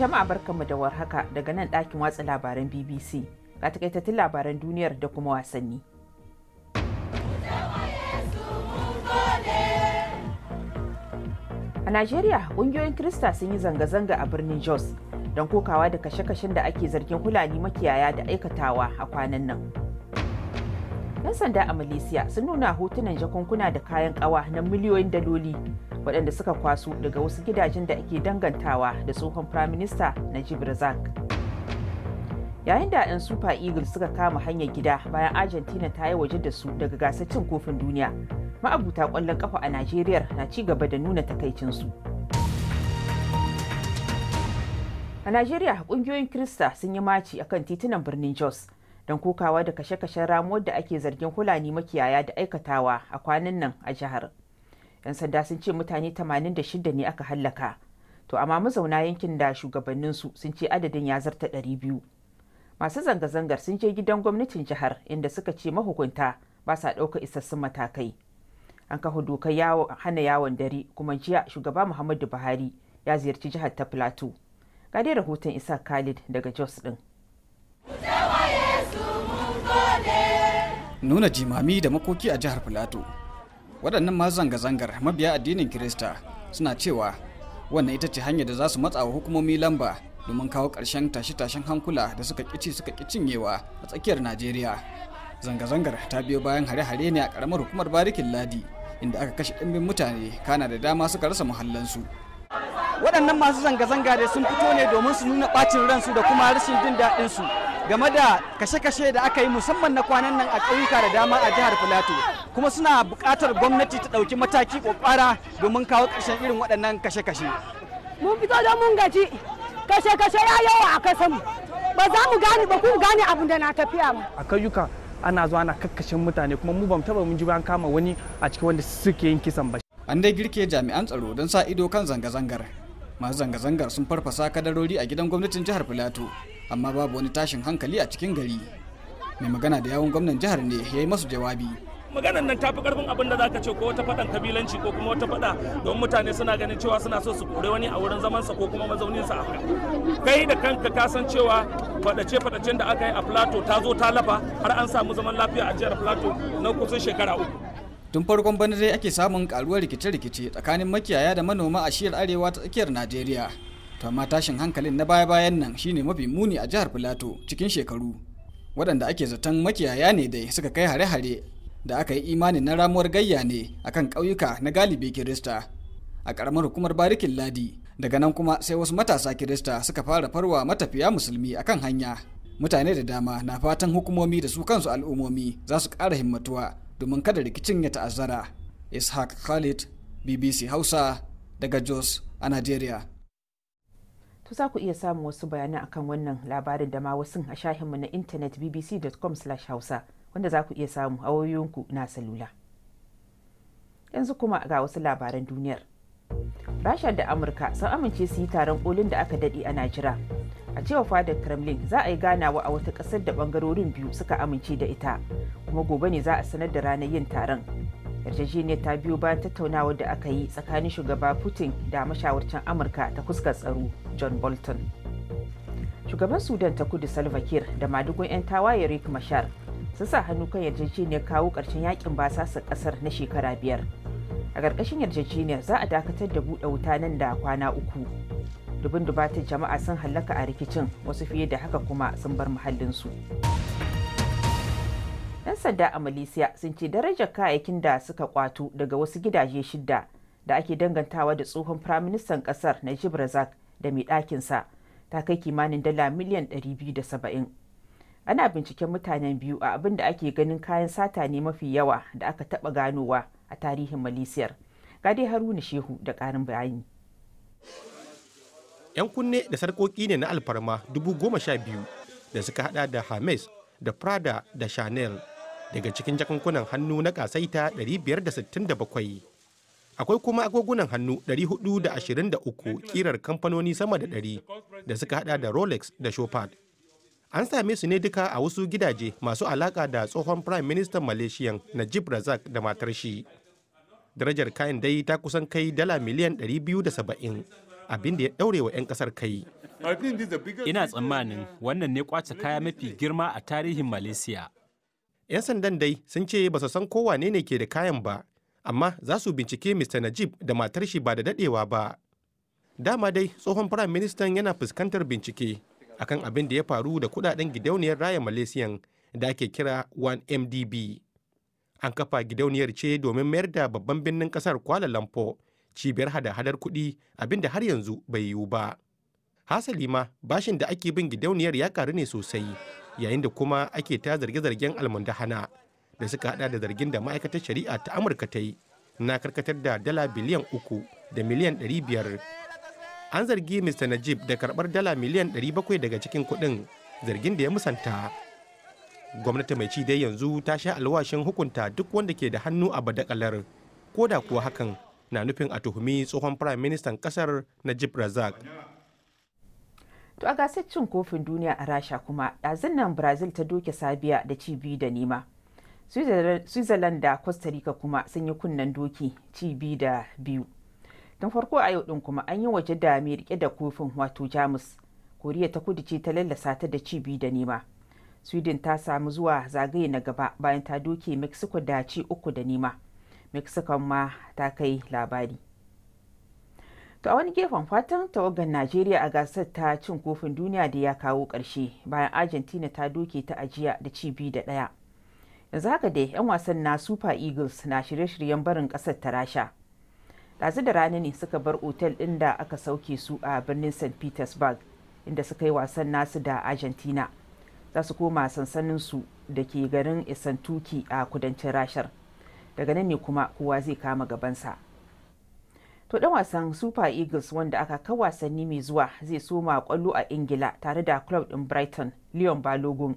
jama'a barkanmu da warhaka daga nan ɗakin watsa labaran BBC ga takaitattun labaran duniyar da kuma wasanni. A Najeriya, ƙungiyoyin kirista sun yi zanga-zanga a birnin Jos don kokawa da kashe-kashen da ake zargin Fulani makiyaya da aikatawa a kwanan nan. Yan sanda a Malaysia sun nuna hotunan jakunkuna da kayan ƙawa na miliyoyin daloli waɗanda suka kwaso daga wasu gidajen da ake dangantawa da tsohon Firaminista Najib Razak. Yayin da 'yan Super Eagles suka kama hanyar gida bayan Argentina ta yi waje da su daga gasar cin kofin duniya, ma'abuta kwallon kafa a Najeriya na ci gaba da nuna takaicinsu. A Najeriya ƙungiyoyin Kirista sun yi maci a kan titunan birnin Jos don kokawa da kashe-kashen ramuwar da ake zargin Fulani makiyaya da aikatawa a kwanan nan a jihar. 'Yan sanda sun ce mutane 86 ne aka hallaka. To amma mazauna yankin da shugabanninsu sun ce adadin ya zarta 200. Masu zanga-zangar sun je gidan gwamnatin jihar inda suka ce mahukunta ba sa ɗauka isassun matakai. an kafa dokar hana yawon dare kuma jiya shugaba muhammadu buhari ya ziyarci jihar ta plateau ga dai rahoton isa khalid daga jos din nuna jimami da makoki a jihar plateau waɗannan ma zanga-zangar mabiya addinin kirista suna cewa wannan ita ce hanyar da za su matsa wa hukumomi lamba domin kawo ƙarshen tashe-tashen hankula da suka ƙici suka ƙi cinyewa a tsakiyar najeriya zanga-zangar ta biyo bayan hare-hare ne a ƙaramar hukumar barikin ladi inda aka kashe ɗimbin mutane kana da dama suka rasa muhallansu waɗannan masu zanga-zanga da sun fito ne domin su nuna ɓacin ransu da kuma rashin jin daɗinsu game da kashe-kashe da aka yi musamman na kwanan nan a ƙauyuka da dama a jihar filato kuma suna buƙatar gwamnati ta ɗauki mataki ƙwaƙwara domin kawo ƙarshen irin waɗannan kashe-kashe mun fito don mun gaji kashe-kashe ya yawa a kasanmu ba za mu gane ba ku gane abin da na tafiya mu a kayuka ana zuwa ana kakkashin mutane kuma mu bamu taba mun ji an kama wani a cikin wanda suke yin kisan ba an dai girke jami'an tsaro don sa ido kan zanga-zangar masu zanga-zangar sun farfasa kadarori a gidan gwamnatin jihar filato amma babu wani tashin hankali a cikin gari mai magana da yawon gwamnan jihar ne ya yi masu jawabi maganar nan tafi karfin abin da zaka ce ko wata fadan kabilanci ko kuma wata fada don mutane suna ganin cewa suna so su kore wani a wurin zamansa ko kuma mazauninsa haka kai da kanka ka san cewa fadace-fadacen da aka yi a plato ta zo ta lafa har an samu zaman lafiya a jihar plato na kusan shekara uku tun farkon bana dai ake samun karuwar rikice-rikice tsakanin makiyaya da manoma a shiyar arewa ta tsakiyar najeriya to amma tashin hankalin na baya-bayan nan shine mafi muni a jihar plato cikin shekaru waɗanda ake zaton makiyaya ne dai suka kai hare-hare da aka yi imanin na ramuwar gayya ne akan ƙauyuka na galibi kirista a ƙaramar hukumar barikin ladi daga nan kuma sai wasu matasa kirista suka fara farwa matafiya musulmi akan hanya mutane da dama na fatan hukumomi da su kansu al'ummomi za su ƙara himmatuwa domin kada rikicin ya ta'azzara ishaq khalid bbc hausa daga jos a nigeria to za ku iya samun wasu bayanan akan wannan labarin da ma wasu a shahinmu na intanet bbc.com/hausa wanda za ku iya samu a wayoyinku na salula. Yanzu kuma ga wasu labaran duniyar. Rasha da Amurka sun amince su yi taron kolin da aka daɗe a Najira. A cewa fadar Kremlin za a yi ganawa a wata ƙasar da ɓangarorin biyu suka amince da ita, kuma gobe ne za a sanar da ranar yin taron. yarjejeniyar ta biyo bayan tattaunawar da aka yi tsakanin shugaba putin da mashawarcin amurka ta fuskar tsaro john bolton shugaban sudan ta kudu salva kiir da madugun 'yan tawaye rik mashar sun sa hannu kan yarjejeniyar kawo ƙarshen yakin basasa ƙasar na shekara biyar a ƙarƙashin yarjejeniyar za a dakatar da buɗe wuta nan da kwana uku dubin dubatan jama'a sun hallaka a rikicin wasu fiye da haka kuma sun bar muhallinsu. yan sanda a malaysia sun ce darajar kayayyakin da suka kwato daga wasu gidaje shidda da ake dangantawa da tsohon firaministan ƙasar najib razak da mai ɗakinsa ta kai kimanin dala miliyan 270 ana binciken mutanen biyu a abin da ake ganin kayan sata ne mafi yawa da aka taɓa ganowa a tarihin malisiyar gade haruna shehu da karin bayani yan kunne da sarkoki ne na alfarma dubu goma sha biyu da suka hada da hames da prada da chanel daga cikin jakunkunan hannu na kasaita 567 akwai kuma agogunan hannu 423 kirar kamfanoni sama da 100 da suka hada da rolex da shopard an same su ne duka a wasu gidaje masu alaka da tsohon prime minister malaysian najib razak da matar shi darajar kayan dai ta kusan kai dala miliyan 270 abin da ya daure wa 'yan kasar kai ina tsammanin wannan ne kwace kaya mafi girma a tarihin malaysia 'yan sandan dai sun ce ba su san kowa ne ke da kayan ba amma za su bincike mr najib da matar shi ba da dadewa ba dama dai tsohon firayim ministan yana fuskantar bincike akan abin da ya faru da kudaden gidauniyar raya malaysian da ake kira 1mdb an kafa gidauniyar ce domin mayar da babban birnin kasar kuala lumpur cibiyar hada-hadar kuɗi abin da har yanzu bai yiwu ba hasali ma bashin da ake bin gidauniyar ya karu ne sosai yayin da kuma ake ta zarge-zargen almundahana da suka hada da zargin da ma'aikatar shari'a ta amurka ta yi na karkatar da dala biliyan uku da miliyan ɗari biyar an zargi mr najib da karbar dala miliyan 700 daga cikin kuɗin zargin da ya musanta gwamnati mai ci dai yanzu ta sha alwashin hukunta duk wanda ke da hannu a badakalar ko da kuwa hakan na nufin a tuhumi tsohon Prime minister kasar najib razak to a gasar cin kofin duniya a rasha kuma ɗazin nan brazil ta doke sabiya da ci biyu da nema switzerland da costa rica kuma sun yi kunnen doki ci biyu da biyu tun farko a yau din kuma an yi waje da mai rike da kofin wato jamus koriya ta kudu ce ta lallasa ta da cibi da nema sweden ta samu zuwa zagaye na gaba bayan ta doke mexico da ci uku da nema mexico ma ta kai labari to a wani gefen fatan tawagar najeriya a gasar ta cin kofin duniya da ya kawo ƙarshe bayan argentina ta doke ta ajiya da ci cibi da ɗaya yanzu haka dai 'yan wasan na super eagles na shirye-shiryen barin ƙasar ta rasha dazu da rana ne suka bar otel ɗin da aka sauke su a birnin st petersburg inda suka yi wasan nasu da argentina za su koma su da ke garin isantuki a kudancin rashar daga nan ne kuma kowa zai kama gabansa to dan wasan super eagles wanda aka kan wasanni mai zuwa zai soma kwallo a ingila tare da club din brighton leon balogun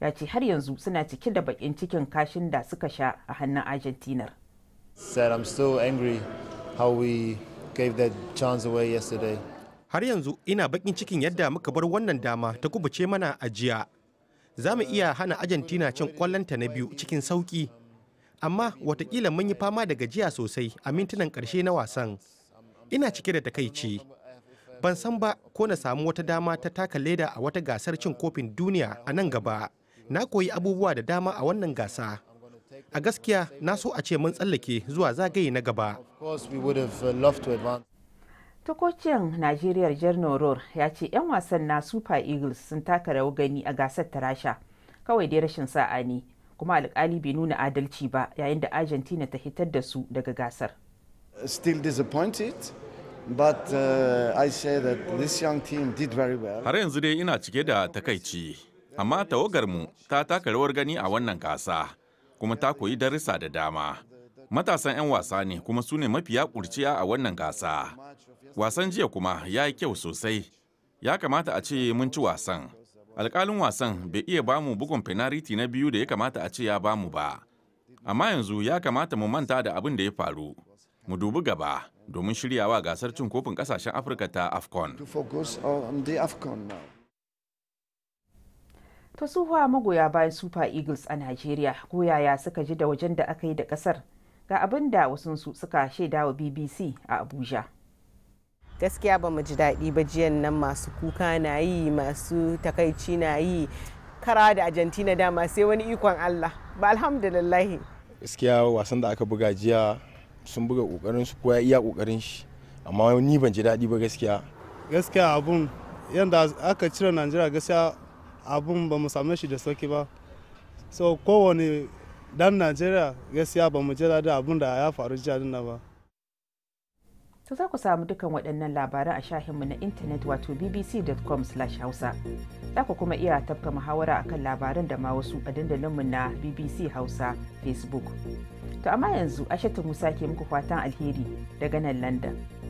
ya ce har yanzu suna cike da bakin cikin kashin da suka sha a hannun argentinar how we gave that chance away yesterday. Har yanzu ina bakin cikin yadda muka bar wannan dama ta kubuce mana ajiya. jiya. Za mu iya hana Argentina cin kwallonta na biyu cikin sauki. Amma watakila mun yi fama da gajiya sosai a mintunan ƙarshe na wasan. Ina cike da takaici. Ban san ba ko na samu wata dama ta taka leda a wata gasar cin kofin duniya a nan gaba. Na koyi abubuwa da dama a wannan gasa. a gaskiya na so a ce mun tsallake zuwa zagaye na gaba Tukocin Najeriya Jerno Ror ya ce 'yan wasan na Super Eagles sun taka rawar gani a gasar ta Rasha. Kawai dai rashin sa'a ne, kuma alkali bai nuna adalci ba yayin da Argentina ta hitar da su daga gasar. Uh, still disappointed, but uh, I this young team did very Har yanzu dai ina cike da takaici, amma tawagar mu ta taka rawar gani a wannan gasa. kuma ta koyi darussa da dama. Matasan 'yan wasa ne kuma su ne mafiya ƙurciya a wannan gasa. Wasan jiya kuma ya yi kyau sosai. Ya kamata a ce mun ci wasan. Alƙalin wasan bai iya bamu bugun fenariti na biyu da ya kamata a ce ya bamu ba. Amma yanzu ya kamata mu manta da abin da ya faru. Mu dubi gaba domin shiryawa gasar cin kofin ƙasashen Afirka ta AFCON. To suwa magoya bayan Super Eagles a Najeriya goyaya suka ji da wajen da aka yi da kasar ga abin da su suka shaida wa BBC a Abuja. Gaskiya ba mu ji daɗi ba jiyan nan masu kuka na yi masu takaici na yi kara da Argentina dama sai wani ikon Allah ba alhamdulillah. Gaskiya wasan da aka buga jiya sun buga kokarin su koya iya kokarin shi amma ni ban ji daɗi ba gaskiya. Gaskiya abun yadda aka cire Najeriya gaskiya abun ba mu same shi da sauki ba so kowane dan najeriya gaskiya ba mu ji da abun da ya faru jiya dinna ba to za ku samu dukan waɗannan labaran a shahinmu na intanet wato bbc.com hausa za ku kuma iya tafka muhawara akan labaran da ma wasu a dandalinmu na bbc hausa facebook to amma yanzu ashatu musa ke muku fatan alheri daga nan landan.